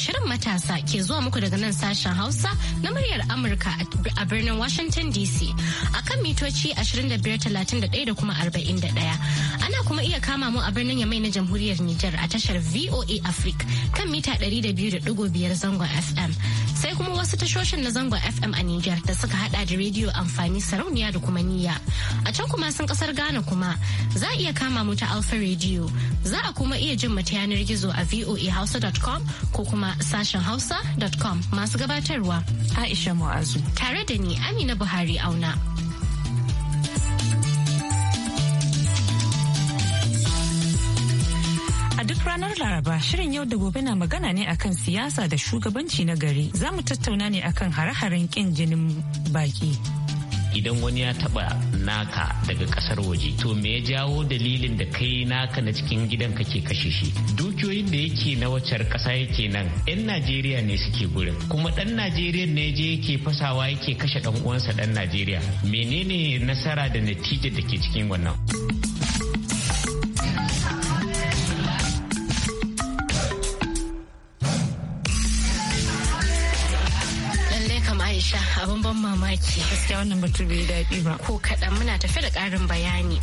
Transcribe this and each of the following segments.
shirin matasa ke zuwa muku daga nan sashen Hausa na muryar Amurka a birnin Washington DC akan mitoci 2531 da kuma 41. Ana kuma iya kama mu a birnin Yamai na Jamhuriyar Nijar a tashar VOA Africa kan mita 200.5 zangon FM tashoshin na zangon FM a niger da suka hada da rediyo amfani sarauniya da kuma niyya. A can kuma sun kasar Ghana kuma za a iya kama mu ta Alpha Radio. Za a kuma iya jin mu ta yanar gizo a voahausa.com ko kuma sashen hausa.com masu gabatarwa. Aisha Mu'azu. Tare da ni Amina Buhari auna. Laraba shirin yau da gobe na magana ne akan siyasa da shugabanci na gari. Za mu tattauna ne akan hare-haren kin jinin baki. Idan wani ya taba naka daga kasar waje to me ya jawo dalilin da kai naka na cikin gidan kake kashe shi dukiyoyin da yake na wacar kasa yake nan yan Najeriya ne suke gurin kuma ɗan Najeriya ne je yake fasawa yake kashe ɗan uwansa dan Najeriya menene nasara da natija da ke cikin wannan Aisha abin ban mamaki. Gaskiya wannan batu bai daɗi ba. Ko kaɗan muna tafe da ƙarin bayani.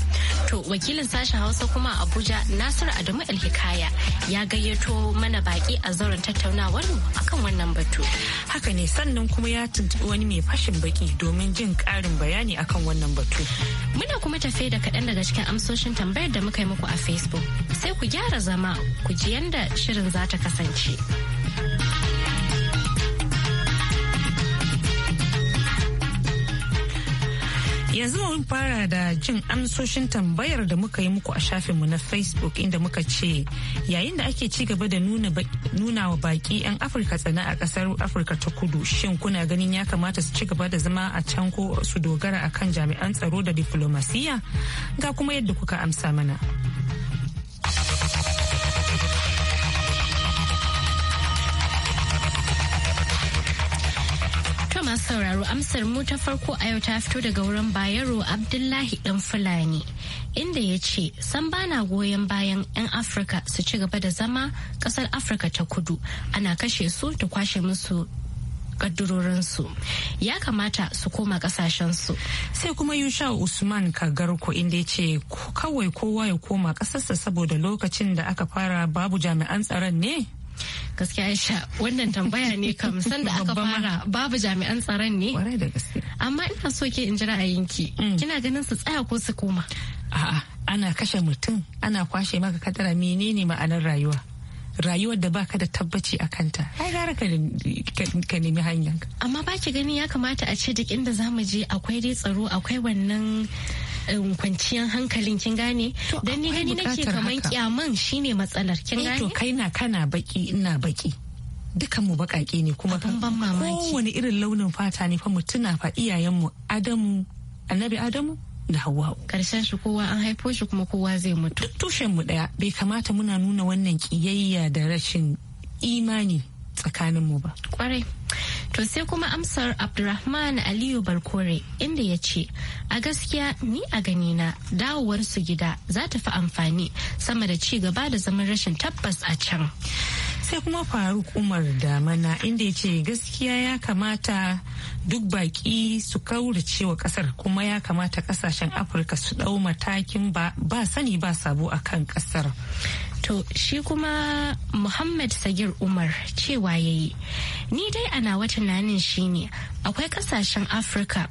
To wakilin sashen Hausa kuma a Abuja Nasiru Adamu Alhikaya ya gayyato mana baƙi a zauren tattaunawar mu akan wannan batu. Haka ne sannan kuma ya tuntuɓi wani mai fashin baki domin jin ƙarin bayani akan wannan batu. Muna kuma tafe da kaɗan daga cikin amsoshin tambayar da muka yi muku a Facebook. Sai ku gyara zama ku ji yanda shirin za ta kasance. Yanzu mun fara da jin amsoshin tambayar da muka yi muku a shafinmu na Facebook inda muka ce yayin da ake ci gaba da nuna wa baki 'yan Afirka tsana a kasar Afirka ta kudu shin kuna ganin ya kamata su ci gaba da zama a can ko su dogara akan jami'an tsaro da diflomasiya ga kuma yadda kuka amsa mana. masu sauraro amsar mu ta farko a yau ta fito daga wurin bayero abdullahi dan fulani inda ya ce san bana goyon bayan 'yan afirka su ci gaba da zama kasar afirka ta kudu ana kashe su ta kwashe musu kaddurorinsu ya kamata su koma kasashensu. sai kuma yusha usman kagarko inda ya ce kawai kowa ya koma kasarsa saboda lokacin da aka fara babu jami'an tsaron ne gaskiya aisha wannan tambaya ne kam sanda aka fara babu jami'an tsaron ne amma ina so ke in ji ra'ayinki mm. kina ganin su tsaya ko su koma a'a ana kashe mutum ana kwashe maka kadara menene ma'anar rayuwa rayuwar da baka da tabbaci a kanta ai gara ka nemi hanyar amma ba ki gani ya kamata a ce duk inda zamu je akwai dai tsaro akwai wannan um, kwanciyar hankalin kin gane dan ni gani nake kaman kyaman shine matsalar kin eh, gane to kai na kana baki ina baki dukan mu bakake ne kuma kowane irin launin fata ne fa mu fa iyayen iyayenmu adamu annabi adamu da hawa karshen shi kowa an haifo shi kuma kowa zai mutu duk tushen mu daya bai kamata muna nuna wannan kiyayya da rashin imani tsakanin mu ba kwarai to sai kuma amsar abdurrahman aliyu barkore inda ya ce a gaskiya ni a ganina dawowar su gida za ta fi amfani sama da ci gaba da zaman rashin tabbas a can sai kuma faruk umar da mana inda ya ce gaskiya ya kamata duk baki su kaurace wa kasar kuma ya kamata kasashen afirka su dau matakin ba sani ba sabo a kan kasar to shi kuma muhammad sagir umar cewa yayi ni dai ana wata nanin shine akwai kasashen afirka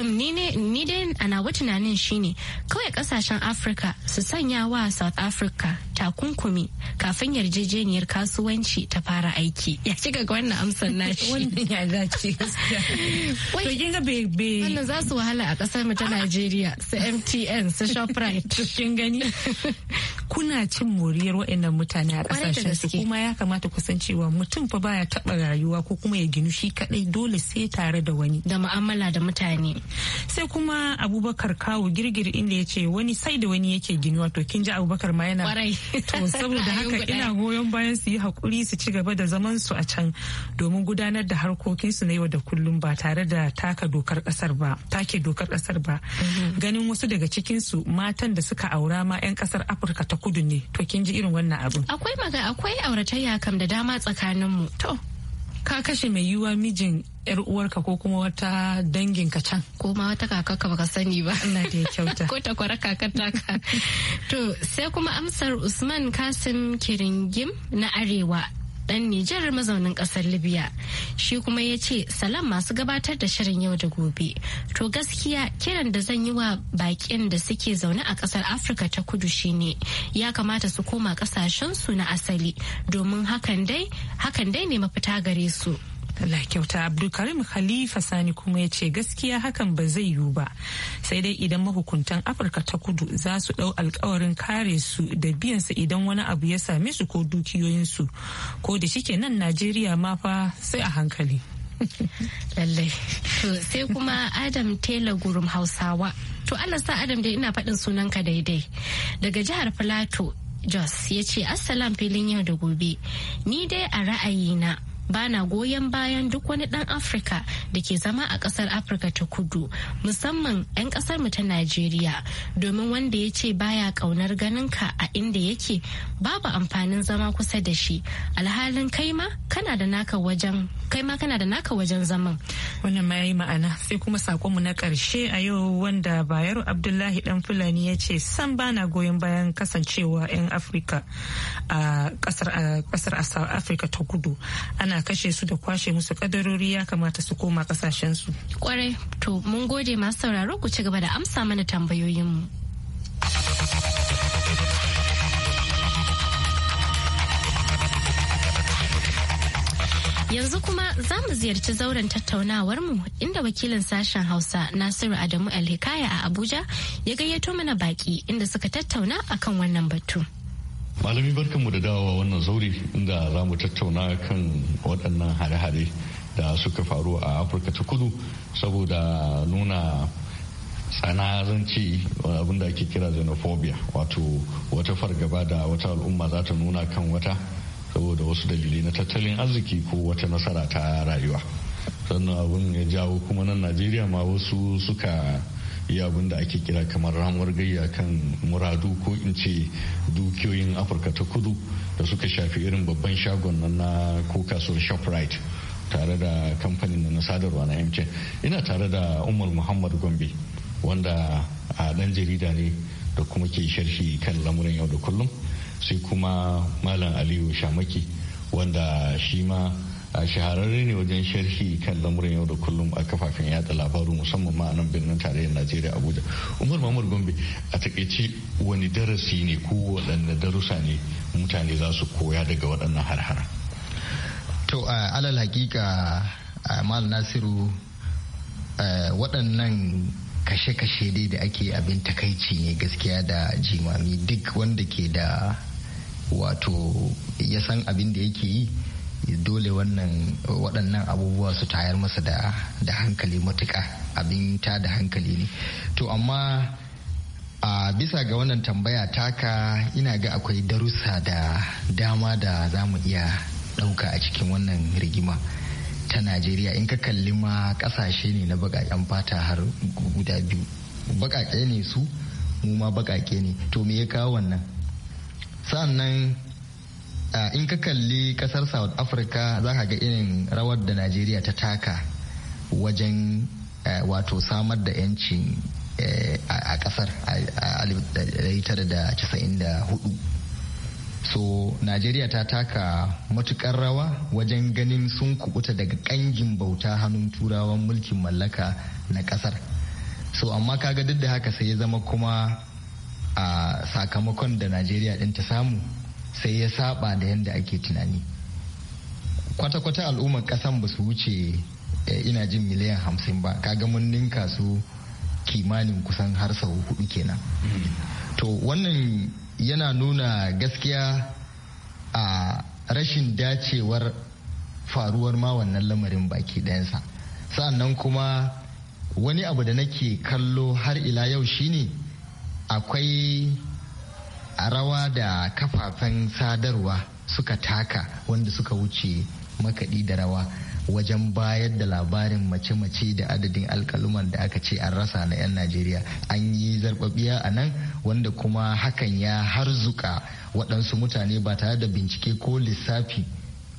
Um, ni dai a nawa tunanin shine kawai kasashen afirka su sanya wa south africa takunkumi kafin yarjejeniyar kasuwanci ta fara aiki ya cika gaga wannan amsar shi wannan ya dace bebe wannan za su wahala a kasar mu ta najeriya su mtn su shoprite kin gani kuna cin moriyar waɗannan mutane a ƙasashen su kuma ya kamata ku san cewa mutum fa baya taɓa rayuwa ko kuma ya ginu shi kaɗai dole sai tare da wani da mu'amala da mutane sai kuma abubakar kawo girgir inda ya ce wani sai da wani yake ginu wato kin ji abubakar ma yana to saboda haka ina goyon bayan su yi hakuri su ci gaba da zaman su a can domin gudanar da harkokin su na yau da kullum ba tare da taka dokar kasar ba take dokar kasar ba mm-hmm. ganin wasu daga cikin su matan da suka aura ma yan kasar afirka ta kudu ne to kin ji irin wannan abin akwai maga akwai auratayya kam da dama tsakanin mu to ka kashe mai yiwuwa mijin yar uwarka ko kuma wata dangin ka can ko ma wata kakarka baka sani ba ina da kyauta ko ta kwara kakar taka to sai kuma amsar Usman Kasim Kiringim na Arewa dan Nijar mazaunin kasar Libya. Shi kuma ya ce salam masu gabatar da shirin yau da gobe. To gaskiya kiran da zan yi wa bakin da suke zaune a kasar Afirka ta kudu shine ya kamata su koma kasashensu na asali domin hakan dai hakan dai ne mafita gare su. Allah kyauta Abdulkarim Khalifa Sani kuma ya ce gaskiya hakan ba zai yiwu ba sai dai idan mahukuntan Afirka ta kudu za su ɗau alkawarin kare su da biyan su idan wani abu ya same su ko dukiyoyinsu ko da shike nan Najeriya ma fa sai a hankali. Lallai. sai kuma Adam Taylor gurum Hausawa. To Allah sa Adam dai ina faɗin ka daidai. Daga jihar Filato Jos ya ce Assalam filin yau da gobe. Ni dai a ra'ayina bana goyon bayan duk wani dan afirka da ke zama a kasar afirka ta kudu musamman 'yan kasar mu ta najeriya domin wanda ya ce baya kaunar ganin ka a inda yake babu amfanin zama kusa da shi alhalin kaima kana da naka wajen kaima kana da naka wajen zaman wannan ma yi ma'ana sai kuma sakonmu na karshe a yau wanda bayero abdullahi dan fulani ya ce san bana goyon bayan kasancewa 'yan afirka a kasar afirka ta kudu ana ana kashe su da kwashe musu kadarori ya kamata su koma kasashensu. Kwarai, to mun gode masu sauraro ku ci gaba da amsa mana tambayoyinmu. Yanzu kuma za mu ziyarci zauren tattaunawar mu inda wakilin sashen Hausa Nasiru Adamu Alhikaya a Abuja ya gayyato mana baki inda suka tattauna akan wannan batu. malami barkanmu da dawowa wannan zauri inda za mu tattauna kan waɗannan hare-hare da suka faru a afirka ta kudu saboda nuna tsanazanci abin da ake kira xenophobia wato wata fargaba da wata al'umma za ta nuna kan wata saboda wasu dalilai na tattalin arziki ko wata nasara ta rayuwa sannan abin ya jawo kuma nan najeriya ma wasu suka yi abin da ake kira kamar ramuwar gayya kan muradu ko in ce dukiyoyin afirka ta kudu da suka shafi irin babban shagon nan na ko kasuwar shoprite tare da kamfanin na sadarwa na mtn ina tare da umar muhammad gombe wanda a dan jarida ne da kuma ke sharhi kan lamuran yau da kullum sai kuma malam aliyu shamaki wanda shi ma a shahararre ne wajen sharhi kan lamuran yau da kullum a kafafen yada labaru musamman ma a nan birnin tarayyar najeriya abuja umar mamur gombe a takaice wani darasi ne ko waɗanne darussa ne mutane za su koya daga waɗannan harhara to alal hakika mal nasiru waɗannan kashe-kashe dai da ake abin takaici ne gaskiya da jimami duk wanda ke da wato ya san abin da yake yi dole wannan waɗannan abubuwa su tayar masa da hankali matuƙa abin ta da hankali ne to amma a bisa ga wannan tambaya taka ina ga akwai darussa da dama da za mu iya ɗauka a cikin wannan rigima ta najeriya in ka kalli ma ƙasashe ne na baƙaƙen fata har guda biyu baƙaƙe ne su mu ma baƙaƙe ne to me ya kawo wannan sannan in ka kalli kasar south africa za ka ga irin rawar da najeriya ta taka wajen wato samar da 'yanci a kasar a 1994 so najeriya ta taka matukar rawa wajen ganin sun kubuta daga kangin bauta hannun turawan mulkin mallaka na kasar so amma kaga duk da haka sai ya zama kuma a sakamakon da najeriya din ta samu sai ya saba da yadda ake tunani kwata-kwata al'ummar kasan ba su wuce eh, ina jin miliyan hamsin ba kaga mun ninka su kimanin kusan har sau hudu kenan to wannan yana nuna gaskiya a rashin dacewar faruwar ma wannan lamarin baki ɗayansa sa'annan kuma wani abu da nake kallo har ila yau shine akwai a rawa da kafafen sadarwa suka taka wanda suka wuce makaɗi da rawa wajen bayar da labarin mace-mace da adadin alkaluman da aka ce an rasa na 'yan najeriya an yi zarɓaɓiya a nan wanda kuma hakan ya harzuka waɗansu mutane ba tare da bincike ko lissafi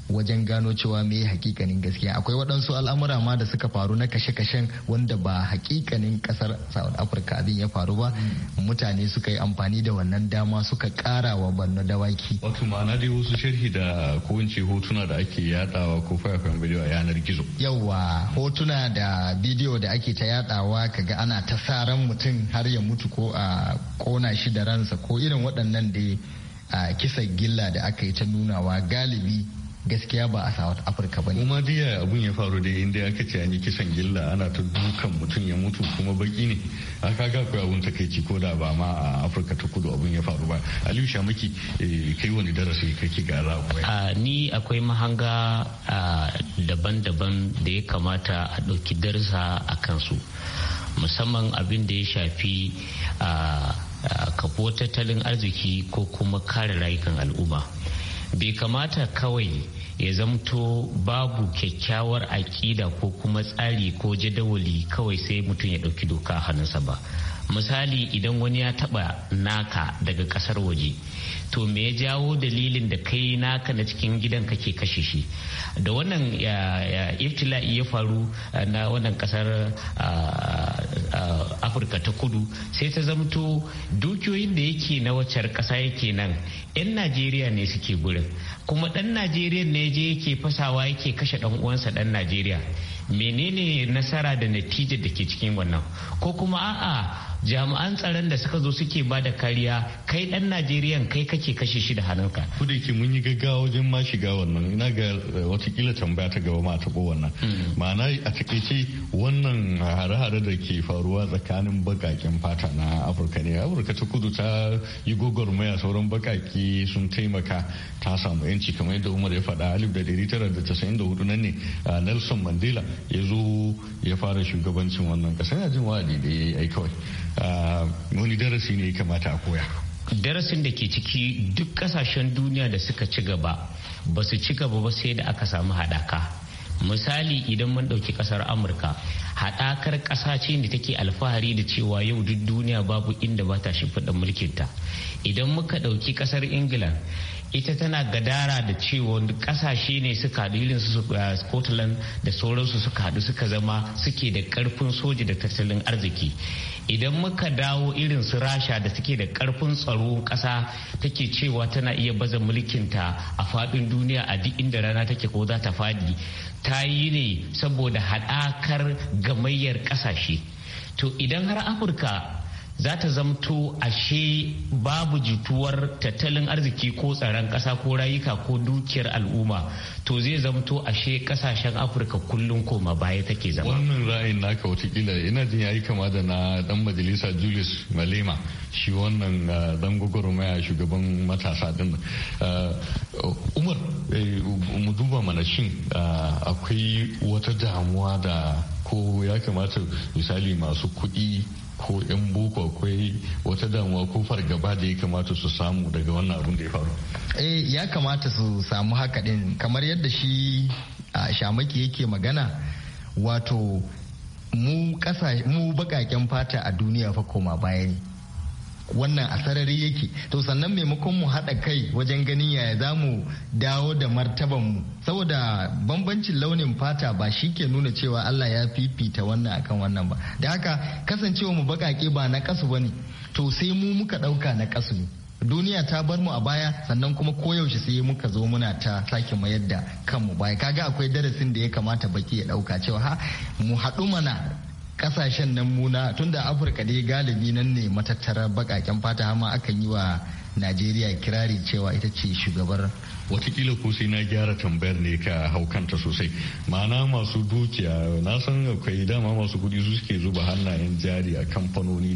wajen gano cewa me hakikanin gaskiya akwai waɗansu al'amura ma da suka faru na kashe-kashen wanda ba hakikanin ƙasar south africa abin ya faru ba mutane suka yi amfani da wannan dama suka kara wa banna dawaki wato ma'ana dai wasu sharhi da ko hotuna da ake yadawa ko fayafayan bidiyo a yanar gizo yawa hotuna da bidiyo da ake ta yadawa kaga ana ta sa ran mutum har ya mutu ko a kona shi da ransa ko irin waɗannan da a kisa gilla da aka yi ta nunawa galibi gaskiya ba a south africa ba ne kuma diya abun ya faru da inda aka ce an yi kisan gilla ana ta dukan mutum ya mutu kuma baki ne aka ga kai abun takaici ko da ba ma a afirka ta kudu abun ya faru ba aliyu shamaki eh, kai wani darasi kake rawa akwai ni akwai mahanga daban-daban da ya kamata a ɗauki darsa a kansu musamman abin da ya shafi a kafo tattalin arziki ko kuma kare rayukan al'umma bai kamata kawai ya zamto babu kyakkyawar aƙida ko kuma tsari ko jadawali kawai sai mutum ya ɗauki doka hannunsa ba misali idan wani ya taba naka daga kasar waje to me ya jawo dalilin da kai naka na cikin gidan kake kashe shi da wannan iftila'i ya faru eh, na wannan kasar eh, eh, afirka ta kudu sai ta zamto dukiyoyin da yake na wacar kasa yake nan 'yan najeriya ne suke gurin kuma dan najeriya ne je yake fasawa yake kashe dan uwansa dan najeriya menene nasara da natija da ke cikin wannan ko kuma a'a jami'an tsaron da suka zo suke ba da kariya kai dan Najeriya kai kake kashe shi da hannunka ku da ke mun yi gaggawa wajen ma shiga wannan ina ga eh, watakila tambaya ta gaba ma a ko wannan hmm. ma'ana a takaice wannan hare-hare da ke faruwa tsakanin baƙaƙen fata na afirka ne afirka ta kudu ta yi gwagwarmaya sauran bakaki sun taimaka ta samu yanci kamar yadda umar ya faɗa alif da dari tara da casa'in da hudu nan ne nelson mandela ya zo ya fara shugabancin wannan ƙasa yana jin wa'adi da ya yi kawai Ah, wani darasi ne kamata a koya darasin da ke ciki duk kasashen duniya da suka ci gaba ba su ci gaba ba sai da aka samu haɗaka misali idan mun ɗauki ƙasar amurka haɗakar ƙasa ce da take alfahari da cewa yau duk duniya babu inda ba ta shimfiɗa mulkinta idan muka ɗauki ƙasar ingila ita tana gadara da cewa kasashe ne suka haɗu irin su uh, scotland da sauransu suka haɗu suka zama suke da karfin soji da tattalin arziki idan muka dawo irin su rasha da suke da karfin tsaro ƙasa take cewa tana iya baza mulkinta a faɗin duniya a duk inda rana take ko za ta faɗi ta yi ne saboda haɗakar gamayyar ƙasashe to idan har afirka za ta zamto ashe babu jituwar tattalin arziki ko tsaron ƙasa ko rayuka ko dukiyar al'umma to zai zamto ashe ƙasashen afirka kullum koma baya take zama wannan ra'ayin naka watakila ina jin yayi kama da na dan majalisa julius malema shi wannan dan uh, gwagwarmaya shugaban matasa din uh, umar eh, mu duba mana shin uh, akwai wata damuwa da ko ya kamata misali masu kuɗi ko 'yan boko akwai wata damuwa ko fargaba da ya kamata su samu daga wannan abin da ya faru eh ya kamata su samu haka din kamar yadda shi a shamaki yake magana wato mu mu bakaken fata a duniya fa koma baya ne wannan a sarari yake to sannan maimakon mu haɗa kai wajen ganin yaya za mu dawo da martabanmu saboda bambancin launin fata ba shi ke nuna cewa Allah ya fifita wannan akan wannan ba da haka kasancewa mu baƙaƙe ba na ƙasu ba ne to sai mu muka ɗauka na ƙasu ne duniya ta bar mu a baya sannan kuma koyaushe sai muka zo muna ta sake mayar da kanmu baya kaga akwai darasin da ya kamata baki ya ɗauka cewa ha mu haɗu mana kasashen nan muna tunda afirka dai galibi nan ne matattara bakaken fata hama akan yi wa najeriya kirari cewa ita ce shugabar watakila ko sai na gyara tambayar ne ka haukanta sosai ma'ana masu dukiya na san akwai dama masu kudi su suke zuba hannayen jari a kamfanoni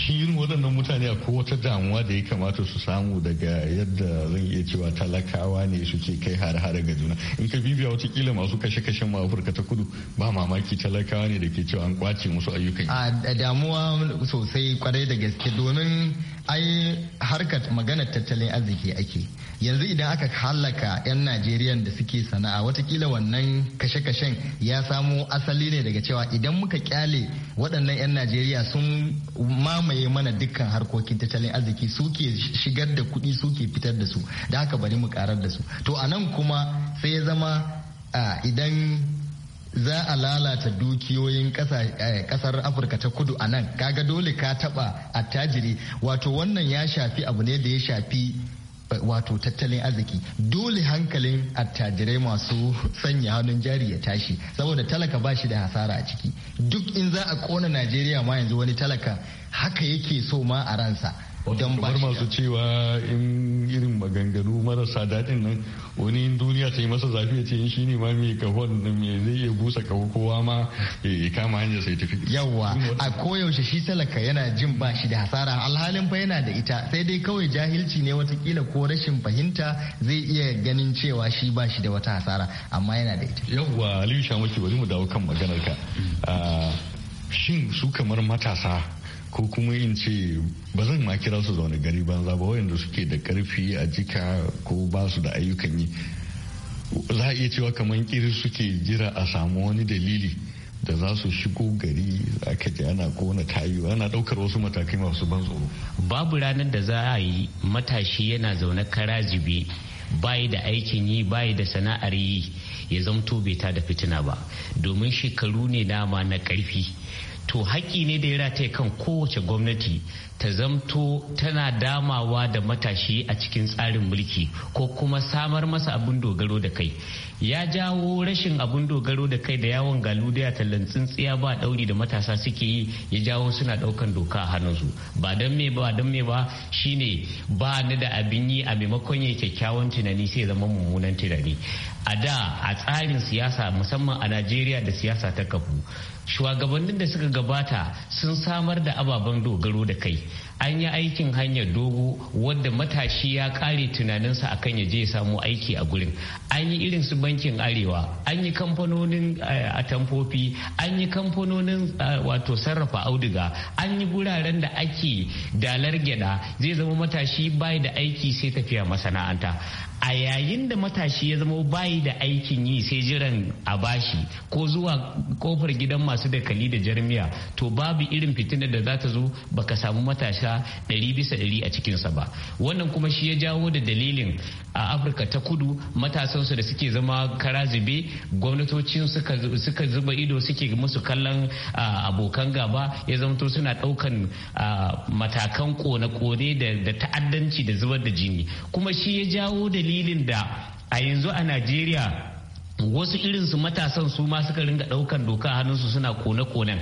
shi yin waɗannan mutane akwai wata damuwa da ya kamata su samu daga yadda zan iya cewa talakawa ne suke kai har hara ga juna in ka bibiya watakila masu kashe-kashen ma afirka ta kudu ba mamaki talakawa ne da ke cewa an kwace musu ayyukan a damuwa sosai kwarai da gaske domin ai harkar magana tattalin arziki ake yanzu idan aka halaka 'yan najeriya da suke sana'a watakila wannan kashe-kashen ya samo asali ne daga cewa idan muka kyale waɗannan 'yan najeriya sun mamu mamaye mana dukkan harkokin tattalin arziki suke shigar da kuɗi suke fitar da su da haka bari mu karar da su to a nan kuma sai ya zama idan za a lalata dukiyoyin kasar afirka ta kudu a nan kaga dole ka taba attajiri wato wannan ya shafi abu ne da ya shafi wato tattalin arziki dole hankalin attajirai masu sanya hannun jari ya tashi saboda talaka ba shi da hasara a ciki duk in za a kona najeriya ma yanzu wani talaka haka yake so ma a ransa kamar masu cewa in irin maganganu marasa daɗin nan wani duniya sai masa zafi ya ce in shi ne ma mai kahon me zai iya busa kawo kowa ma ya kama hanyar sai tafi Yawwa a koyaushe shi talaka yana jin ba shi da hasara alhalin fa yana da ita sai dai kawai jahilci ne watakila ko rashin fahimta zai iya ganin cewa shi ba shi da wata hasara amma yana da ita Yawwa aliyu shamaki bari mu dawo kan maganar ka mm. ah, shin su kamar matasa ko kuma in ce ba zan ma kira su zaune gari banza ba wayanda suke da karfi a jika ko ba su da ayyukan yi za a iya cewa kamar kiri suke jira a samu wani dalili da za su shigo gari aka kaji ana kona tayu ana daukar wasu matakai masu ban tsoro babu ranar da za a yi matashi yana zaune kara jibi bayi da aikin yi bayi da sana'ar yi ya zamto bai ta da fitina ba domin shekaru ne dama na karfi to haƙƙi ne da ya rataye kan kowace gwamnati ta zamto tana damawa da matashi a cikin tsarin mulki ko kuma samar masa abin dogaro da kai ya jawo rashin abin dogaro da kai da yawon galudiya tallan tsintsiya ba dauri da matasa suke yi ya jawo suna daukan doka a hannunsu ba don me ba don me ba shine ba ni da abin yi a maimakon ya kyakkyawan tunani sai zama mummunan tunani a da a tsarin siyasa musamman a najeriya da siyasa ta kafu shugabannin da suka gabata sun samar da ababen dogaro da kai an yi aikin hanyar dogo wadda matashi ya kare tunaninsa akan ya je ya samu aiki a gurin an yi irin su bankin arewa an yi kamfanonin eh, a tamfofi an yi kamfanonin eh, wato sarrafa auduga an yi guraren da ake dalar gyada zai zama matashi bai da aiki sai tafiya masana'anta a yayin da matashi ya zama bai da aikin yi sai jiran a bashi ko zuwa kofar gidan masu dakali da jarmiya to babu irin fitina da za ta zo baka samu matashi kusa ɗari bisa ɗari a cikinsa ba wannan kuma shi ya jawo da dalilin a afirka ta kudu matasansu da suke zama kara zube gwamnatocin suka zuba ido suke musu kallon abokan gaba ya zamto suna daukan matakan kone-kone da ta'addanci da zubar da jini kuma shi ya jawo dalilin da a yanzu a najeriya wasu irinsu matasan su ma suka ringa daukan doka hannunsu suna kone-konen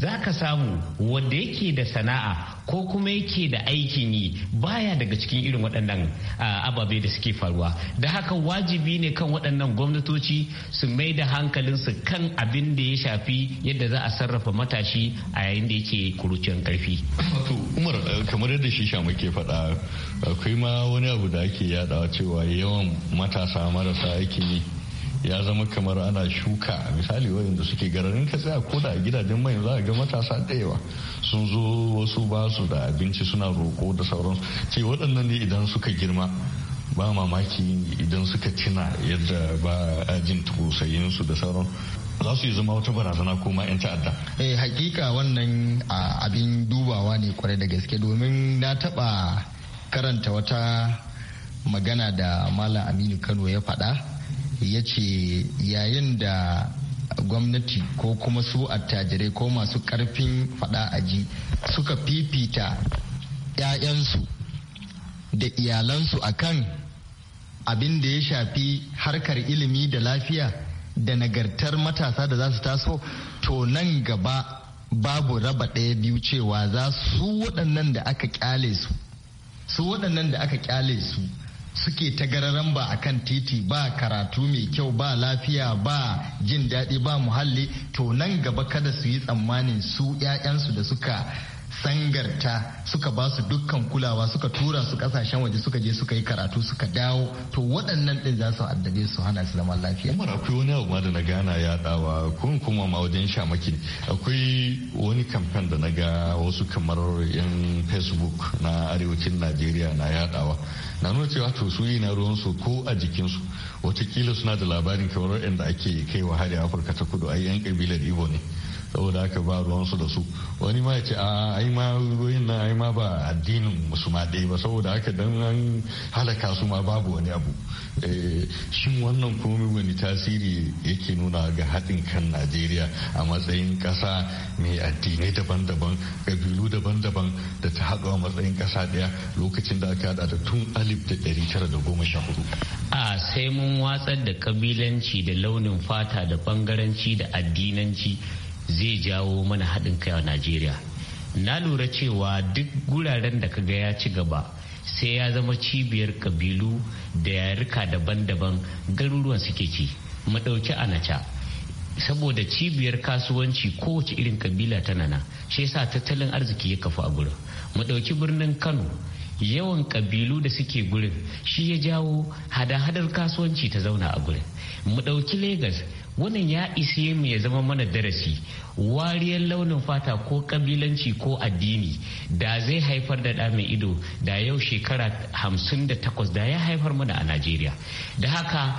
za ka samu wanda yake da sana'a ko kuma yake da aikin yi baya daga cikin irin waɗannan ababe da suke faruwa da haka wajibi ne kan waɗannan gwamnatoci su mai da hankalinsu kan abin da ya shafi yadda za a sarrafa matashi a yayin da yake kurucin karfi. umar eh, kamar yadda shi shamu ke faɗa akwai ma wani abu da ake yadawa cewa yawan matasa marasa aikin yi ya zama kamar ana shuka misali wayanda suke gararin ka tsaya ko da gidajen mai za a ga matasa da yawa sun zo wasu ba su da abinci suna roko da sauransu ce waɗannan ne idan suka girma ba mamaki idan suka tuna yadda ba a jin tusayinsu da sauran za su yi zama wata barazana ko ma 'yan ta'adda. Eh hakika wannan abin dubawa ne kwarai da gaske domin na taɓa karanta wata magana da Malam Aminu Kano ya faɗa ya ce yayin da gwamnati ko kuma su attajirai ko masu karfin fada ji suka fifita 'ya'yansu da iyalansu akan abin da ya shafi harkar ilimi da lafiya da nagartar matasa da za su taso to nan gaba babu raba ɗaya biyu cewa za su waɗannan da aka kyale su su waɗannan da aka kyale su suke ta gararan ba a kan titi ba karatu mai kyau ba lafiya ba jin daɗi ba muhalli to nan gaba kada su yi tsammanin su 'ya'yansu da suka sangarta suka ba su dukkan kulawa suka tura su kasashen waje suka je suka yi karatu suka dawo to waɗannan ɗin za su addabe su hana su zaman lafiya. Umar akwai wani abu da na gana ya dawa kun kuma ma wajen shamaki akwai wani kamfen da na ga wasu kamar yan facebook na arewacin Najeriya na dawa. na nuna cewa to su yi na ruwansu ko a jikinsu watakila suna da labarin kamar yadda ake kai wa hari Afirka ta kudu ai yan kabilar ibo ne. saboda aka ba ruwansu da su wani ma ya ce a ma ruwayin nan ai ba addinin musu ma dai ba saboda haka dan an halaka su ma babu wani abu eh, shin wannan komai wani tasiri yake nuna ga haɗin kan najeriya a matsayin ƙasa mai addinai daban-daban ƙabilu daban-daban da ta haɗu a matsayin ƙasa ɗaya lokacin da aka haɗa da tun alif da ɗari tara da goma sha hudu. a sai mun watsar da kabilanci da launin fata da bangaranci da addinanci zai jawo mana haɗin kai a najeriya na lura cewa duk guraren da kaga ya ci gaba sai ya zama cibiyar kabilu da yarika daban-daban garuruwan suke ci madauki anacha saboda cibiyar kasuwanci kowace irin kabila tana na shi yasa tattalin arziki ya kafa a gurin mu ɗauki birnin kano yawan kabilu da suke gurin shi ya jawo hada-hadar kasuwanci ta zauna a gurin mu ɗauki Legas wannan ya ishe mu ya zama mana darasi wariyar launin fata ko kabilanci ko addini da zai haifar da ɗa mai ido da yau shekara hamsin da takwas da ya haifar mana a najeriya da haka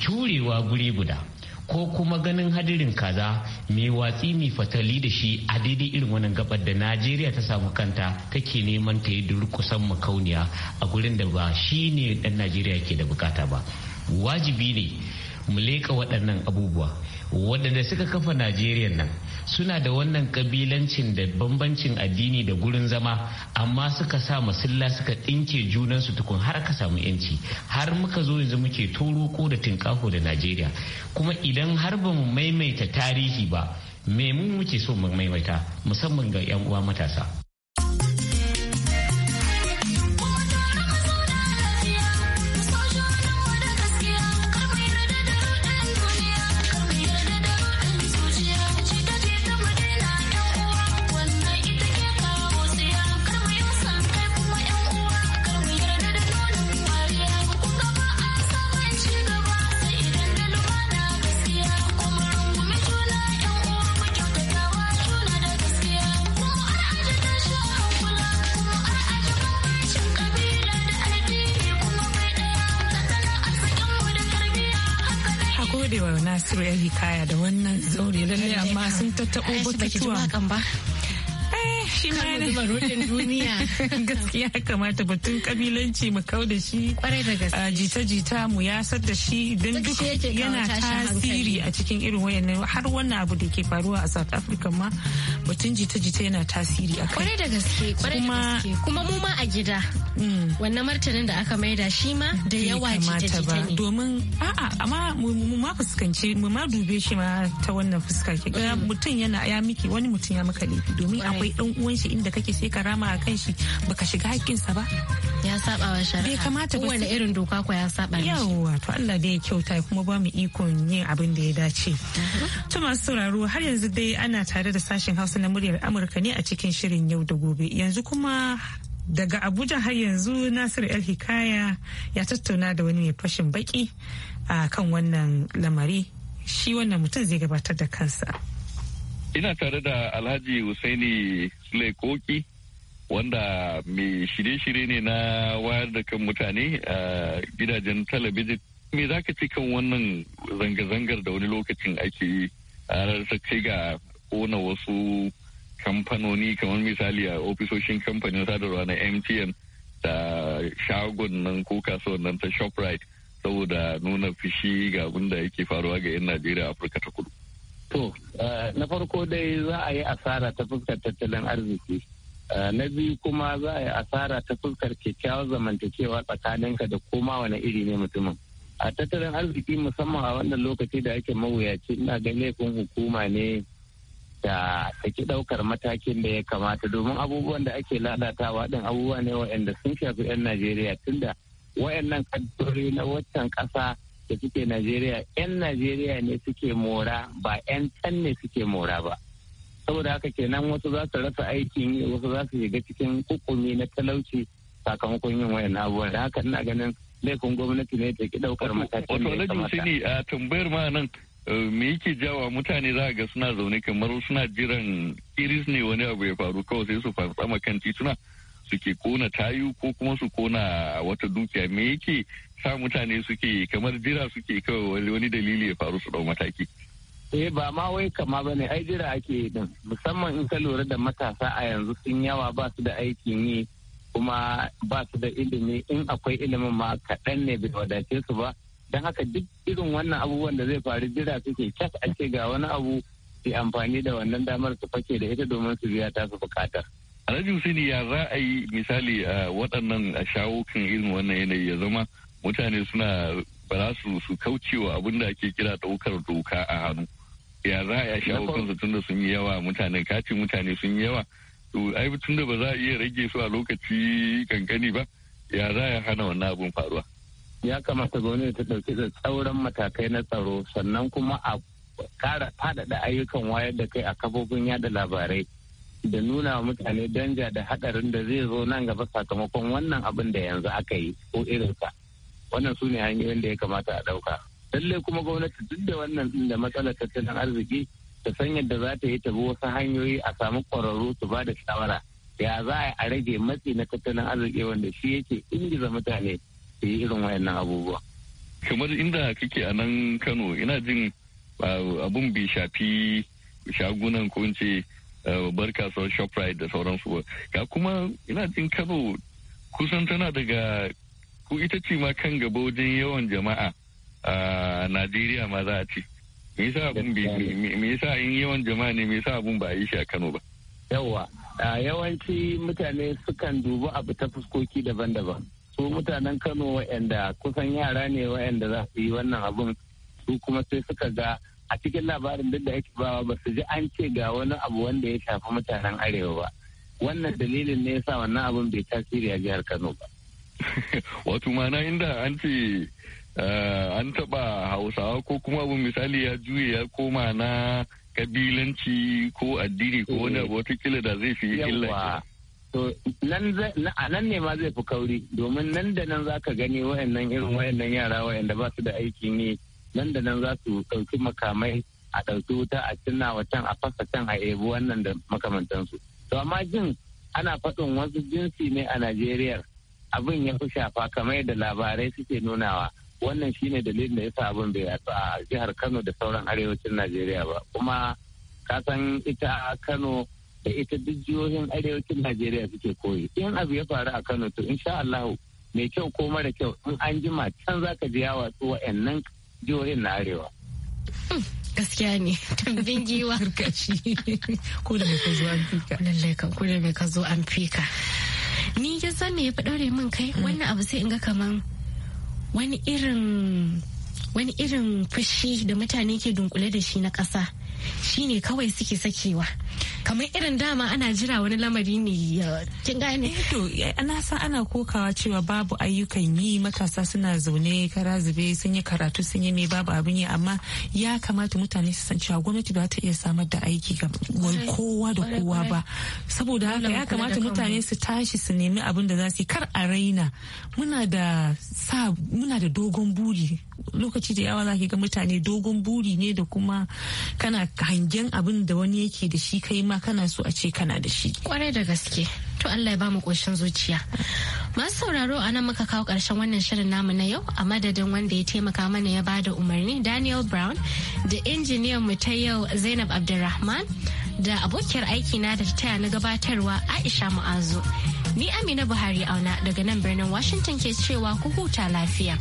curewa guri guda ko kuma ganin hadirin kaza mai watsi mai fatali da shi a daidai irin wannan gabar da najeriya ta samu kanta take neman ta yi durkusan makauniya a gurin da ba shi ne dan najeriya ke da bukata ba wajibi ne mu leƙa waɗannan abubuwa waɗanda suka kafa najeriya nan suna da wannan kabilancin da bambancin addini da gurin zama amma suka sa masilla suka ɗinke junansu tukun har ka samu yanci har muka zo yanzu muke ko da tinkaho da najeriya kuma idan har ba mu maimaita tarihi ba me mun muke so mu maimaita musamman ga 'yan uwa matasa nasiru yan hikaya da wannan zaure lallai amma sun tattaɓo batutuwa eh, shi ma yana zuba duniya gaskiya kamata batun kabilanci mu kau da shi jita-jita mu yasar da shi don duk yana tasiri a cikin irin wayannan har wannan abu da ke faruwa a South Africa ma batun jita-jita yana tasiri a kai. da gaske, kwarai da gaske. Kuma mu ma a gida. Mm. Wannan martanin da aka maida shi ma da yawa jita-jita ne. Domin a'a amma mu ma fuskanci mu ma dube shi ma ta wannan fuska ke. Mm. Mutum yana ya miki wani mutum ya maka laifi domin akwai dan uwan shi inda kake sai ka rama a kan shi baka shiga haƙƙinsa ba. Ya saba wa shari'a. Bai kamata ba. Kowane irin doka ko ya saba shi. Yawwa to Allah dai kyauta kuma ba mu ikon yin abin da ya dace. Mm-hmm. To masu sauraro har yanzu dai ana tare da sashen Hausa na muryar Amurka ne a cikin shirin yau da gobe. Yanzu kuma daga Abuja har yanzu Nasiru El Hikaya ya tattauna da wani mai fashin baki a kan wannan lamari. Shi wannan mutum zai gabatar da kansa. Ina tare da Alhaji Hussaini Sule wanda mai shirye-shirye ne na wayar da kan mutane a gidajen talabijin. Me za ka ci kan wannan zanga-zangar da wani lokacin ake yi a ranar ga kona wasu kamfanoni kamar misali a ofisoshin kamfanin sadarwa na mtn da shagon nan ko kasuwar nan ta shoprite saboda nuna fishi ga abin da yake faruwa ga 'yan najeriya afirka ta kudu to eh, na farko dai za a yi asara ta fuskar tattalin arziki eh, na biyu kuma za a yi asara ta fuskar kyakkyawar zamantakewa tsakaninka da koma wani iri ne mutumin a tattalin arziki musamman a wannan lokaci da ake mawuyaci ina ga hukuma ne da take daukar matakin da ya kamata domin abubuwan da ake lalatawa din abubuwa ne waɗanda sun shafi 'yan Najeriya tunda waɗannan kaddarori na waccan ƙasa da suke Najeriya 'yan Najeriya ne suke mora ba 'yan can ne suke mora ba. Saboda haka kenan wasu za su rasa aikin wasu za su shiga cikin hukumi na talauci sakamakon yin wayan abubuwa da haka ina ganin laifin gwamnati ne ta ki matakin da ya kamata. Wato Alhaji Hussaini a tambayar ma nan Eh, me yake jawa mutane za a ga suna zaune kamar suna jiran iris ne wani abu ya faru kawai sai su fantsama kan tituna suke kona tayu ko kuma su kona wata dukiya me yake sa mutane suke kamar jira suke kawai wani dalili ya faru su dau mataki eh ba ma wai kama ba ne ai jira ake din musamman in ka lura da matasa a yanzu sun yawa ba su da aikin yi kuma ba su da ilimi in akwai ilimin ma kaɗan ne bai wadace su ba don haka duk irin wannan abubuwan da zai faru jira suke cas a ce ga wani abu sai amfani da wannan damar su fake da ita domin su biya ta su bukatar. Alhaji Hussaini ya za a yi misali a waɗannan shawo kan irin wannan yanayi ya zama mutane suna ba za su su kaucewa abin da ake kira ɗaukar doka a hannu. Ya za a shawo kansu tun da sun yi yawa mutane kacin mutane sun yi yawa. To ai tun da ba za a iya rage su a lokaci kankani ba ya za a hana wannan abin faruwa. ya kamata gwamnati ta ɗauki da tsauran matakai na tsaro sannan kuma a ƙara faɗaɗa ayyukan wayar da kai a kafofin yada labarai da nuna wa mutane danja da haɗarin da zai zo nan gaba sakamakon wannan abin da yanzu aka yi ko irinsa wannan su ne hanyoyin da ya kamata a ɗauka lallai kuma gwamnati duk da wannan ɗin da matsalar tattalin arziki ta san yadda za ta yi ta bi wasu hanyoyi a samu kwararru su ba da shawara ya za a rage matsi na tattalin arziki wanda shi yake ingiza mutane yi eh, irin wayannan abubuwa kamar inda kake a nan kano ina jin ah, abun bai shafi shagunan ko in ce ah, bar kasuwar shoprite da sauransu ba ga kuma ina jin kano kusan tana daga ko ita ce ma kan gaba wajen yawan jama'a a ah, najeriya ma za a ce me yasa abun me yasa in yawan jama'a ne me yasa abun ba a yi shi a kano ba yawa yawanci mutane sukan dubi abu ta fuskoki daban-daban su mutanen kano waɗanda kusan yara ne waɗanda za su yi wannan abun su kuma sai suka ga a cikin labarin duk da ake bawa ba su ji an ce ga wani abu wanda ya shafi mutanen arewa ba wannan dalilin ne yasa wannan abun bai tasiri a jihar kano ba wato mana inda an ce eh, an taba hausawa ko kuma abu misali ya juye ya koma na kabilanci ko addini ko wani eh. abu wata kila da zai fi illa to nan ne ma zai fi kauri domin nan da nan za ka gani wayannan irin wayannan yara wayanda ba su da aiki ne nan da nan za su ɗauki makamai a ɗauki wuta a cinna wa can a fasa can a ebu wannan da makamantansu to amma jin ana faɗin wasu jinsi ne a najeriya abin ya fi shafa kamar da labarai suke nunawa wannan shine dalilin da yasa abin bai a jihar kano da sauran arewacin najeriya ba kuma kasan ita kano da ita duk jihohin arewacin Najeriya suke koyi. In abu ya faru a Kano to insha Allah mai kyau ko mara kyau in an jima can za ka ji yawa su wa'annan jihohin na arewa. Hmm, gaskiya ne, tambin giwa. Karkashi, ko da mai ka zo an fika. Lallai ka, ko da mai ka zo an fika. Ni ya san me ya fi ɗaure min kai hmm. wannan abu sai in ga kaman wani irin wani irin fushi da mutane ke dunkule da shi na ƙasa shine kawai suke sakewa. kamar irin dama ana jira wani lamari ne kin gane eh to ana eh, san ana kokawa cewa babu ayyukan yi matasa suna zaune kara zube sun yi karatu sun yi mai babu abin yi amma ya kamata mutane su san cewa gwamnati ba ta iya samar da aiki ga kowa da kowa ba saboda haka ya kamata mutane su tashi su nemi abin da za su yi kar a raina muna da sa da dogon buri lokaci da yawa zaki ga mutane dogon buri ne da kuma kana hangen abin da wani yake da shi kai ma kana so a ce kana da shi kwarai da gaske to Allah ya ba mu koshin zuciya masu sauraro a nan muka kawo ƙarshen wannan shirin namu na yau a madadin wanda ya taimaka mana ya bada umarni Daniel Brown da injiniyan mu ta yau Zainab Abdulrahman da abokiyar aiki na da taya na gabatarwa Aisha Mu'azu ni Amina Buhari auna daga nan birnin Washington ke cewa ku huta lafiya